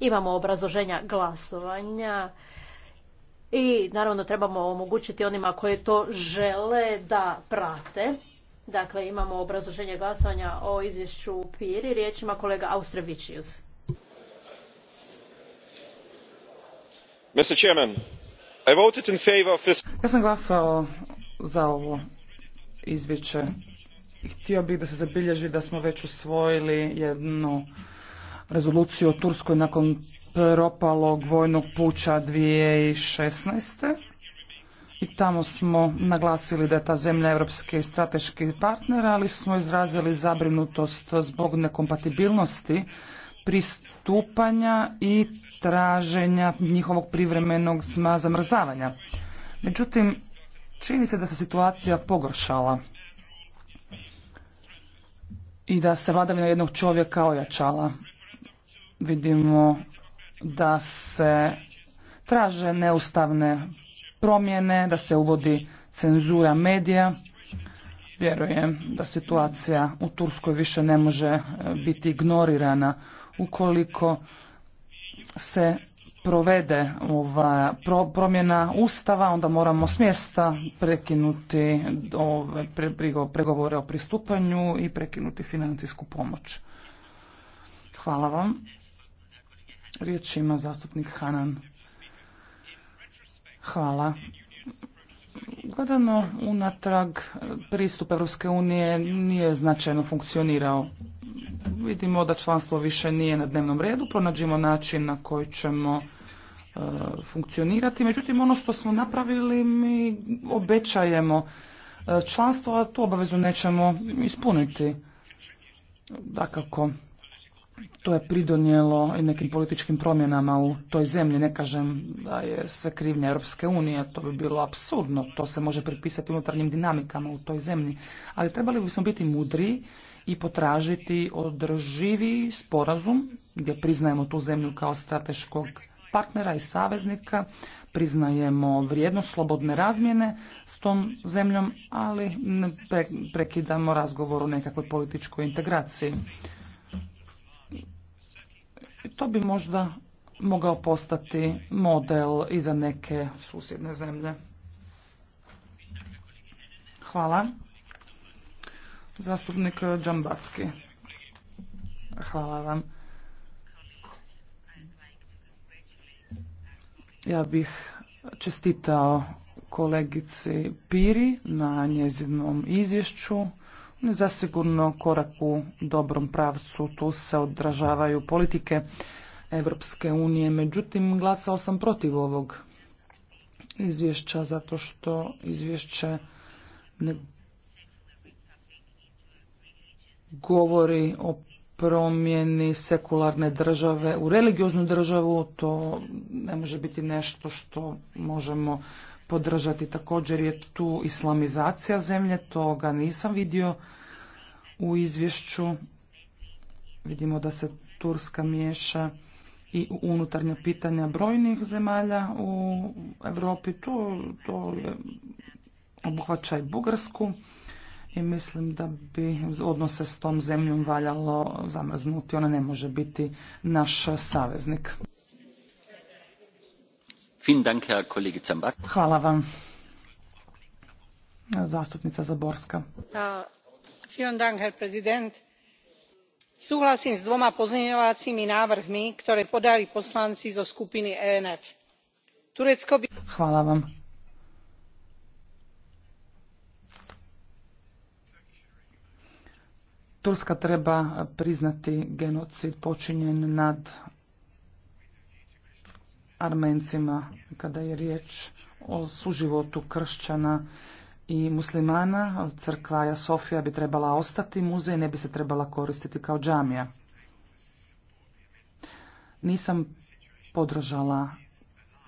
Imamo obrazoženja glasovanja i naravno trebamo omogućiti onima koji to žele da prate. Dakle, imamo obrazloženje glasovanja o izvješću Piri riječima kolega Austrevičius. Mr. I Ja sam glasao za ovo izvješće. Htio bih da se zabilježi da smo već usvojili jednu rezoluciju o Turskoj nakon propalog vojnog puća 2016. I tamo smo naglasili da je ta zemlja europske strateški partner, ali smo izrazili zabrinutost zbog nekompatibilnosti pristupanja i traženja njihovog privremenog zamrzavanja. Međutim, čini se da se situacija pogoršala i da se vladavina jednog čovjeka ojačala vidimo da se traže neustavne promjene, da se uvodi cenzura medija. Vjerujem da situacija u Turskoj više ne može e, biti ignorirana ukoliko se provede ova promjena ustava, onda moramo s mjesta prekinuti ove pregovore o pristupanju i prekinuti financijsku pomoć. Hvala vam. Riječ ima zastupnik Hanan. Hvala. Gledano unatrag, pristup Europske unije nije značajno funkcionirao. Vidimo da članstvo više nije na dnevnom redu, pronađimo način na koji ćemo e, funkcionirati. Međutim, ono što smo napravili mi obećajemo e, članstvo, a tu obavezu nećemo ispuniti. Dakako, to je pridonijelo i nekim političkim promjenama u toj zemlji. Ne kažem da je sve krivnja Europske unije, to bi bilo absurdno, to se može pripisati unutarnjim dinamikama u toj zemlji. Ali trebali bismo biti mudri i potražiti održivi sporazum gdje priznajemo tu zemlju kao strateškog partnera i saveznika, priznajemo vrijednost slobodne razmjene s tom zemljom, ali ne prekidamo razgovor o nekakvoj političkoj integraciji. To bi možda mogao postati model i za neke susjedne zemlje. Hvala. Zastupnik Džambacki. Hvala vam. Ja bih čestitao kolegici Piri na njezinom izvješću zasigurno korak u dobrom pravcu. Tu se odražavaju politike Evropske unije. Međutim, glasao sam protiv ovog izvješća zato što izvješće ne govori o promjeni sekularne države u religioznu državu, to ne može biti nešto što možemo podržati. Također je tu islamizacija zemlje, toga nisam vidio u izvješću. Vidimo da se Turska miješa i unutarnja pitanja brojnih zemalja u Europi. Tu to je, obuhvaća i Bugarsku i mislim da bi odnose s tom zemljom valjalo zamrznuti. Ona ne može biti naš saveznik. Hvala vam. Zastupnica Zaborska. Súhlasím s dvoma pozmeňovacími návrhmi, ktoré podali poslanci zo skupiny ENF. Turecko by... Hvala vam. Turska treba priznati genocid počinjen nad Armencima kada je riječ o suživotu kršćana i muslimana. Crkva Aja Sofija bi trebala ostati muzej, ne bi se trebala koristiti kao džamija. Nisam podržala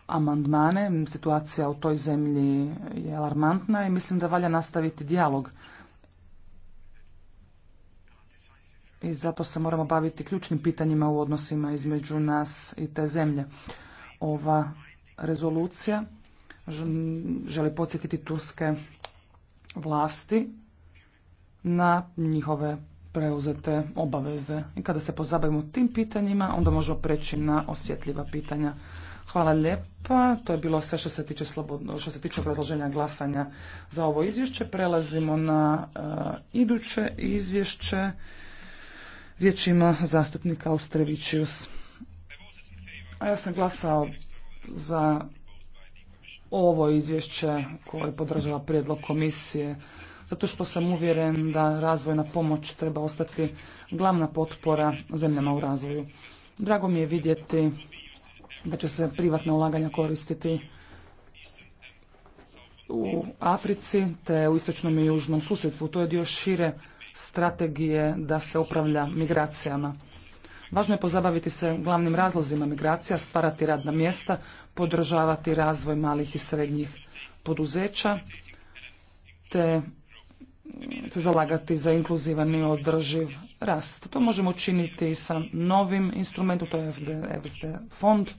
amandmane. Situacija u toj zemlji je alarmantna i mislim da valja nastaviti dijalog. I zato se moramo baviti ključnim pitanjima u odnosima između nas i te zemlje ova rezolucija želi podsjetiti turske vlasti na njihove preuzete obaveze. I kada se pozabavimo tim pitanjima, onda možemo preći na osjetljiva pitanja. Hvala lijepa. To je bilo sve što se tiče slobodno, što se tiče obrazloženja glasanja za ovo izvješće. Prelazimo na e, iduće izvješće. Riječ ima zastupnik a ja sam glasao za ovo izvješće koje podržava prijedlog komisije, zato što sam uvjeren da razvojna pomoć treba ostati glavna potpora zemljama u razvoju. Drago mi je vidjeti da će se privatne ulaganja koristiti u Africi te u istočnom i južnom susjedstvu. To je dio šire strategije da se upravlja migracijama. Važno je pozabaviti se glavnim razlozima migracija, stvarati radna mjesta, podržavati razvoj malih i srednjih poduzeća, te mm, se zalagati za inkluzivan i održiv rast. To možemo činiti i sa novim instrumentom, to je FD fond,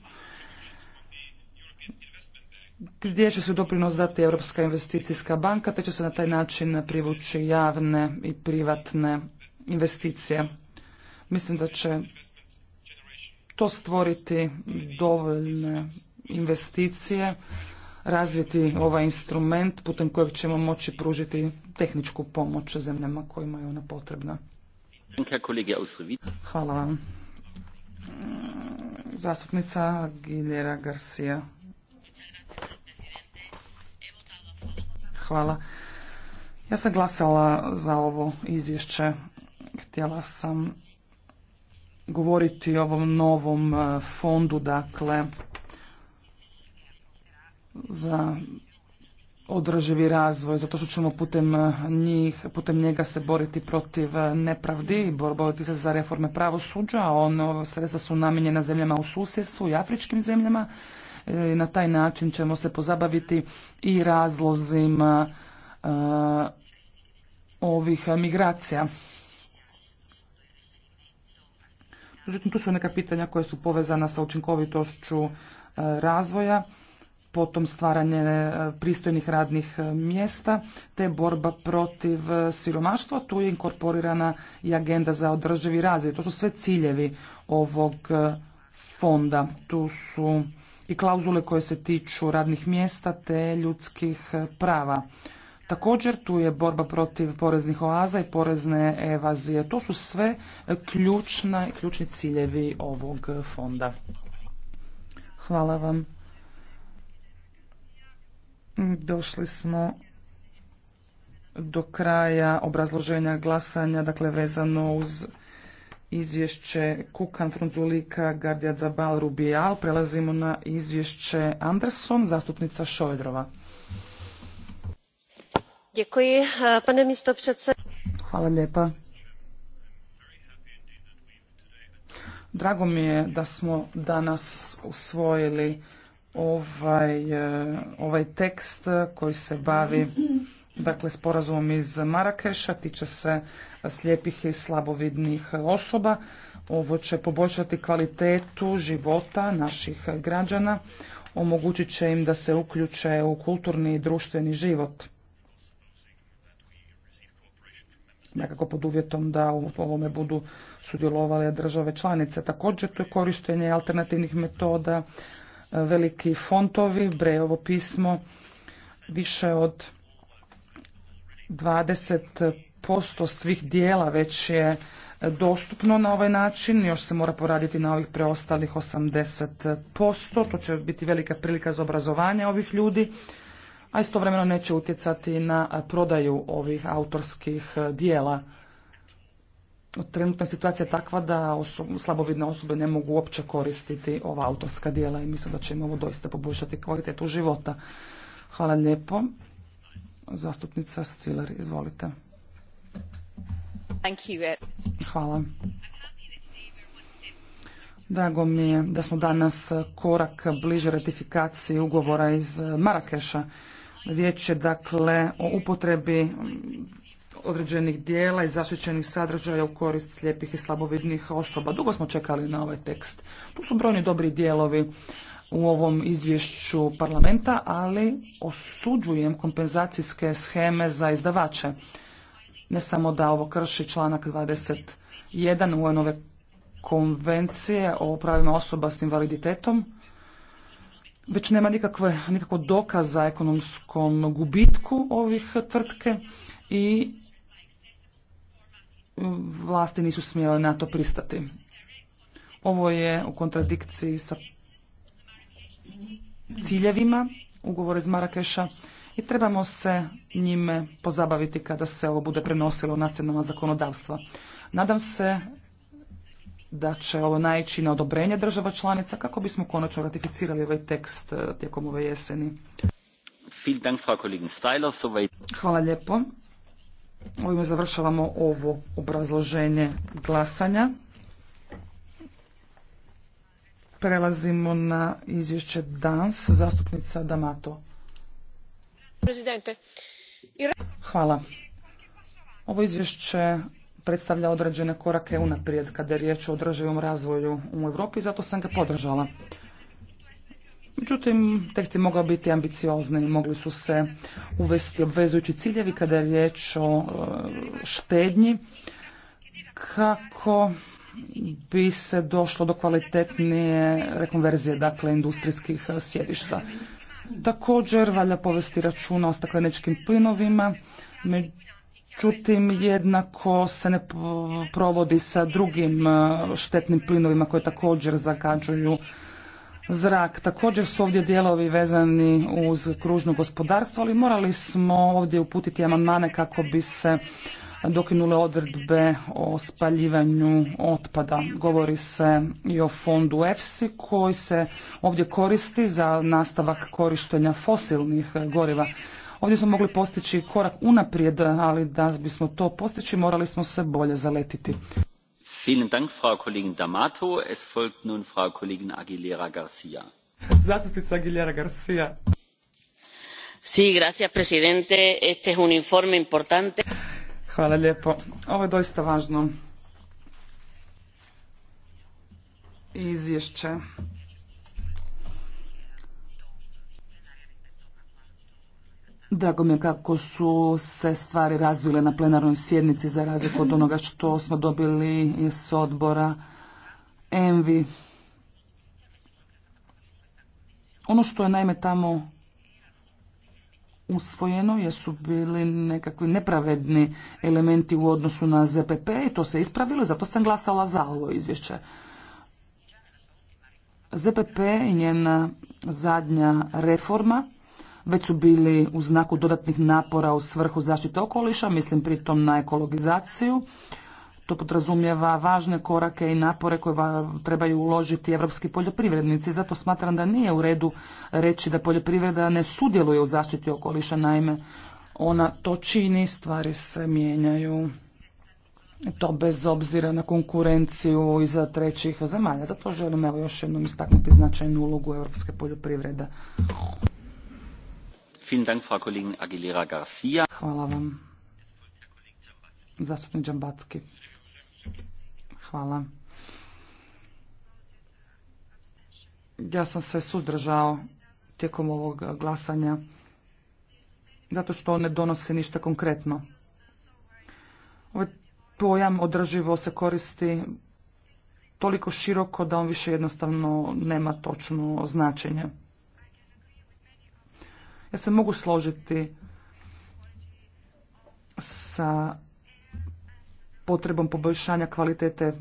gdje će se doprinos dati Europska investicijska banka, te će se na taj način privući javne i privatne investicije. Mislim da će to stvoriti dovoljne investicije, razviti ovaj instrument putem kojeg ćemo moći pružiti tehničku pomoć zemljama kojima je ona potrebna. Hvala vam. Zastupnica Giljera Garcia. Hvala. Ja sam glasala za ovo izvješće. Htjela sam govoriti o ovom novom e, fondu, dakle, za održivi razvoj, zato što ćemo putem e, njih, putem njega se boriti protiv e, nepravdi, boriti se za reforme pravosuđa, ono sredstva su namijenjena zemljama u susjedstvu i afričkim zemljama. na taj način ćemo se pozabaviti i razlozima ovih migracija. Međutim, tu su neka pitanja koja su povezana sa učinkovitošću e, razvoja, potom stvaranje e, pristojnih radnih e, mjesta, te borba protiv siromaštva. Tu je inkorporirana i agenda za održivi razvoj. To su sve ciljevi ovog fonda. Tu su i klauzule koje se tiču radnih mjesta te ljudskih prava. Također tu je borba protiv poreznih oaza i porezne evazije. To su sve ključna, ključni ciljevi ovog fonda. Hvala vam. Došli smo do kraja obrazloženja glasanja, dakle vezano uz izvješće Kukan, Frunzulika, Gardija Zabal, Rubijal. Prelazimo na izvješće Anderson, zastupnica Šojdrova. Eh, Hvala lijepa. Drago mi je da smo danas usvojili ovaj, eh, ovaj tekst koji se bavi dakle sporazumom iz Marakeša, tiče se slijepih i slabovidnih osoba. Ovo će poboljšati kvalitetu života naših građana, omogućit će im da se uključe u kulturni i društveni život. nekako pod uvjetom da u ovome budu sudjelovale države članice. Također to je korištenje alternativnih metoda, e, veliki fontovi, brejovo pismo, više od 20% svih dijela već je dostupno na ovaj način, još se mora poraditi na ovih preostalih 80%, to će biti velika prilika za obrazovanje ovih ljudi a istovremeno neće utjecati na prodaju ovih autorskih e, dijela. Trenutna situacija je takva da slabovidne osobe ne mogu uopće koristiti ova autorska dijela i mislim da će im ovo doista poboljšati kvalitetu života. Hvala lijepo. Zastupnica Stiller, izvolite. Hvala. Drago mi je da smo danas korak bliže ratifikaciji ugovora iz Marakeša. Riječ je dakle o upotrebi određenih dijela i zaštićenih sadržaja u korist slijepih i slabovidnih osoba. Dugo smo čekali na ovaj tekst. Tu su brojni dobri dijelovi u ovom izvješću parlamenta, ali osuđujem kompenzacijske scheme za izdavače. Ne samo da ovo krši članak 21 UN-ove konvencije o pravima osoba s invaliditetom, već nema nikakve, nikakvog dokaza ekonomskom gubitku ovih tvrtke i vlasti nisu smjele na to pristati. Ovo je u kontradikciji sa ciljevima ugovora iz Marakeša i trebamo se njime pozabaviti kada se ovo bude prenosilo u nacionalna zakonodavstva. Nadam se da će ovo naići na odobrenje država članica kako bismo konačno ratificirali ovaj tekst e, tijekom ove jeseni. Hvala lijepo. Ovime završavamo ovo obrazloženje glasanja. Prelazimo na izvješće DANS, zastupnica Damato. Hvala. Ovo izvješće predstavlja određene korake unaprijed kada je riječ o održivom razvoju u Europi i zato sam ga podržala. Međutim, tekst je mogao biti ambiciozni, mogli su se uvesti obvezujući ciljevi kada je riječ o e, štednji kako bi se došlo do kvalitetnije rekonverzije dakle industrijskih sjedišta. Također valja povesti računa o stakleničkim plinovima, Čutim, jednako se ne provodi sa drugim e, štetnim plinovima koje također zagađuju zrak. Također su ovdje dijelovi vezani uz kružno gospodarstvo, ali morali smo ovdje uputiti amandmane kako bi se dokinule odredbe o spaljivanju otpada. Govori se i o fondu EFSI koji se ovdje koristi za nastavak korištenja fosilnih goriva. Ovdje smo mogli postići korak unaprijed, ali da bismo to postići morali smo se bolje zaletiti. Vielen Dank, Frau Kollegin D'Amato. Es folgt nun Frau Kollegin Aguilera Garcia. Zastupnica Aguilera Garcia. Sí, gracias, presidente. Este es un informe importante. Hvala lijepo. Ovo je doista važno izvješće. Drago mi je kako su se stvari razvile na plenarnoj sjednici za razliku od onoga što smo dobili iz odbora Envi. Ono što je naime tamo usvojeno jesu su bili nekakvi nepravedni elementi u odnosu na ZPP i to se ispravilo, i zato sam glasala za ovo izvješće. ZPP i njena zadnja reforma već su bili u znaku dodatnih napora u svrhu zaštite okoliša, mislim pritom na ekologizaciju. To podrazumijeva važne korake i napore koje trebaju uložiti evropski poljoprivrednici. Zato smatram da nije u redu reći da poljoprivreda ne sudjeluje u zaštiti okoliša. Naime, ona to čini, stvari se mijenjaju. To bez obzira na konkurenciju iza trećih zemalja. Zato želim evo još jednom istaknuti značajnu ulogu evropske poljoprivrede. Hvala vam. Zastupnik Džambacki. Hvala. Ja sam se sudržao tijekom ovog glasanja zato što ne donosi ništa konkretno. Ovaj pojam održivo se koristi toliko široko da on više jednostavno nema točno značenje. Ja se mogu složiti sa potrebom poboljšanja kvalitete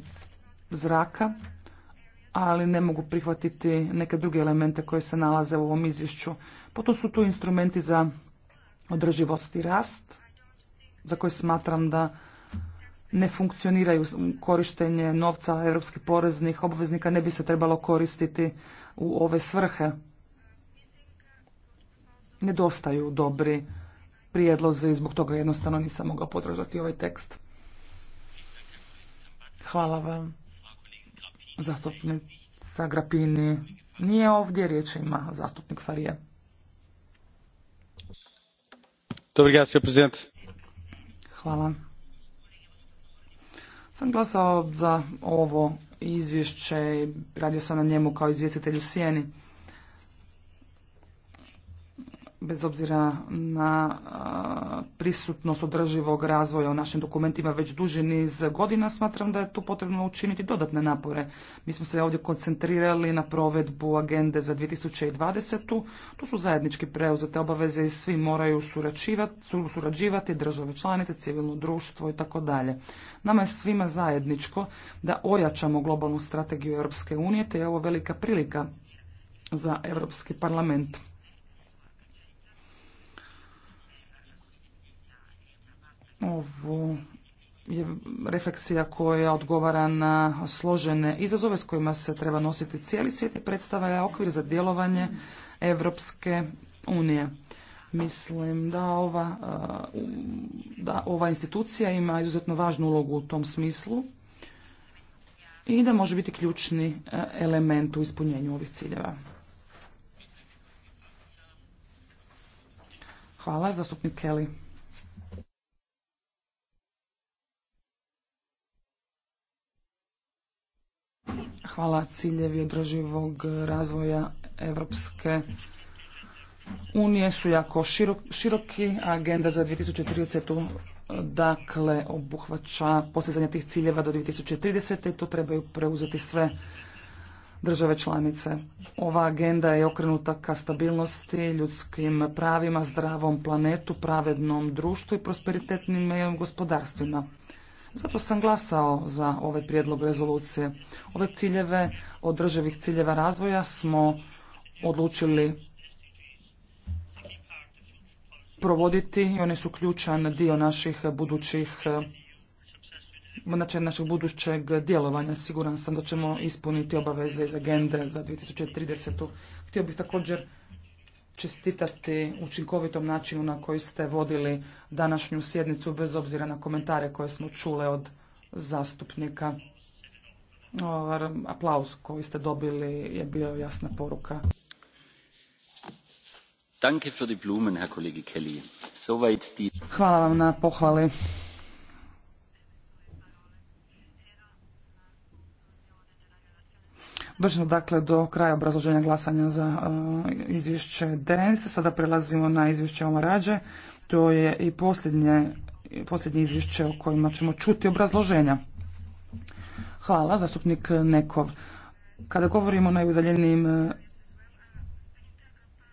zraka, ali ne mogu prihvatiti neke druge elemente koje se nalaze u ovom izvješću. Potom su tu instrumenti za održivost i rast, za koje smatram da ne funkcioniraju korištenje novca europskih poreznih obveznika, ne bi se trebalo koristiti u ove svrhe nedostaju dobri prijedlozi i zbog toga jednostavno nisam mogao podržati ovaj tekst. Hvala vam. Zastupnica Grapini nije ovdje, riječ ima zastupnik Farije. Hvala. Sam glasao za ovo izvješće i radio sam na njemu kao izvjestitelj u Sijeni bez obzira na prisutnost održivog razvoja u našim dokumentima već duži niz godina, smatram da je tu potrebno učiniti dodatne napore. Mi smo se ovdje koncentrirali na provedbu agende za 2020. Tu su zajednički preuzete obaveze i svi moraju surađivati, države članice, civilno društvo i tako dalje. Nama je svima zajedničko da ojačamo globalnu strategiju Europske unije, te je ovo velika prilika za Europski parlament. Ovo je refleksija koja odgovara na složene izazove s kojima se treba nositi cijeli svijet i predstavlja okvir za djelovanje Evropske unije. Mislim da ova, uh, da ova institucija ima izuzetno važnu ulogu u tom smislu i da može biti ključni uh, element u ispunjenju ovih ciljeva. Hvala, zastupnik Kelly. Hvala ciljevi održivog razvoja Evropske unije su jako širok, široki. Agenda za 2030. dakle obuhvaća postizanje tih ciljeva do 2030. i to trebaju preuzeti sve države članice. Ova agenda je okrenuta ka stabilnosti, ljudskim pravima, zdravom planetu, pravednom društvu i prosperitetnim gospodarstvima. Zato sam glasao za ovaj prijedlog rezolucije. Ove ciljeve održivih ciljeva razvoja smo odlučili provoditi i oni su ključan dio naših budućih znači našeg budućeg djelovanja. Siguran sam da ćemo ispuniti obaveze iz agende za 2030. Htio bih također čestitati učinkovitom načinu na koji ste vodili današnju sjednicu, bez obzira na komentare koje smo čule od zastupnika. Ovaj, aplauz koji ste dobili je bio jasna poruka. Hvala vam na pohvali. Došli dakle do kraja obrazloženja glasanja za e, izvješće DNS. Sada prelazimo na izvješće Omarađe. To je i posljednje, posljednje izvješće o kojima ćemo čuti obrazloženja. Hvala, zastupnik Nekov. Kada govorimo o najudaljenijim e,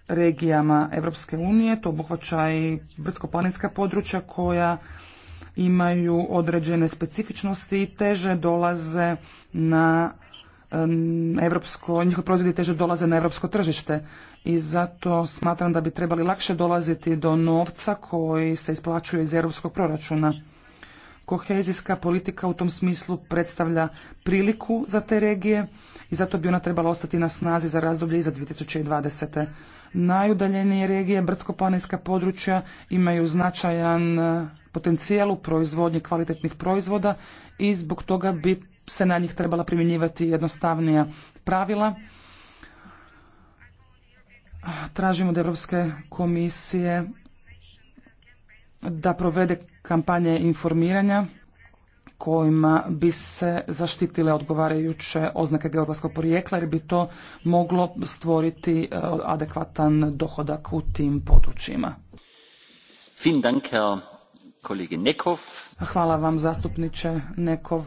regijama Europske unije, to obuhvaća i brdsko-planinska područja koja imaju određene specifičnosti i teže dolaze na evropsko, njihovi proizvodi teže dolaze na europsko tržište i zato smatram da bi trebali lakše dolaziti do novca koji se isplaćuje iz europskog proračuna. Kohezijska politika u tom smislu predstavlja priliku za te regije i zato bi ona trebala ostati na snazi za razdoblje iza 2020. Najudaljenije regije, brdsko-planinska područja imaju značajan eh, potencijal u proizvodnji kvalitetnih proizvoda i zbog toga bi se na njih trebala primjenjivati jednostavnija pravila. Tražimo od Europske komisije da provede kampanje informiranja kojima bi se zaštitile odgovarajuće oznake geografskog porijekla jer bi to moglo stvoriti e, adekvatan dohodak u tim područjima. Hvala vam zastupniče Nekov.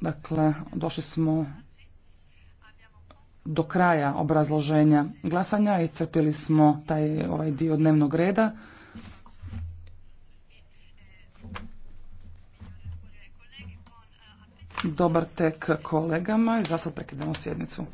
Dakle, došli smo do kraja obrazloženja glasanja, iscrpili smo taj ovaj dio dnevnog reda. Dobar tek kolegama i za sad prekidamo sjednicu.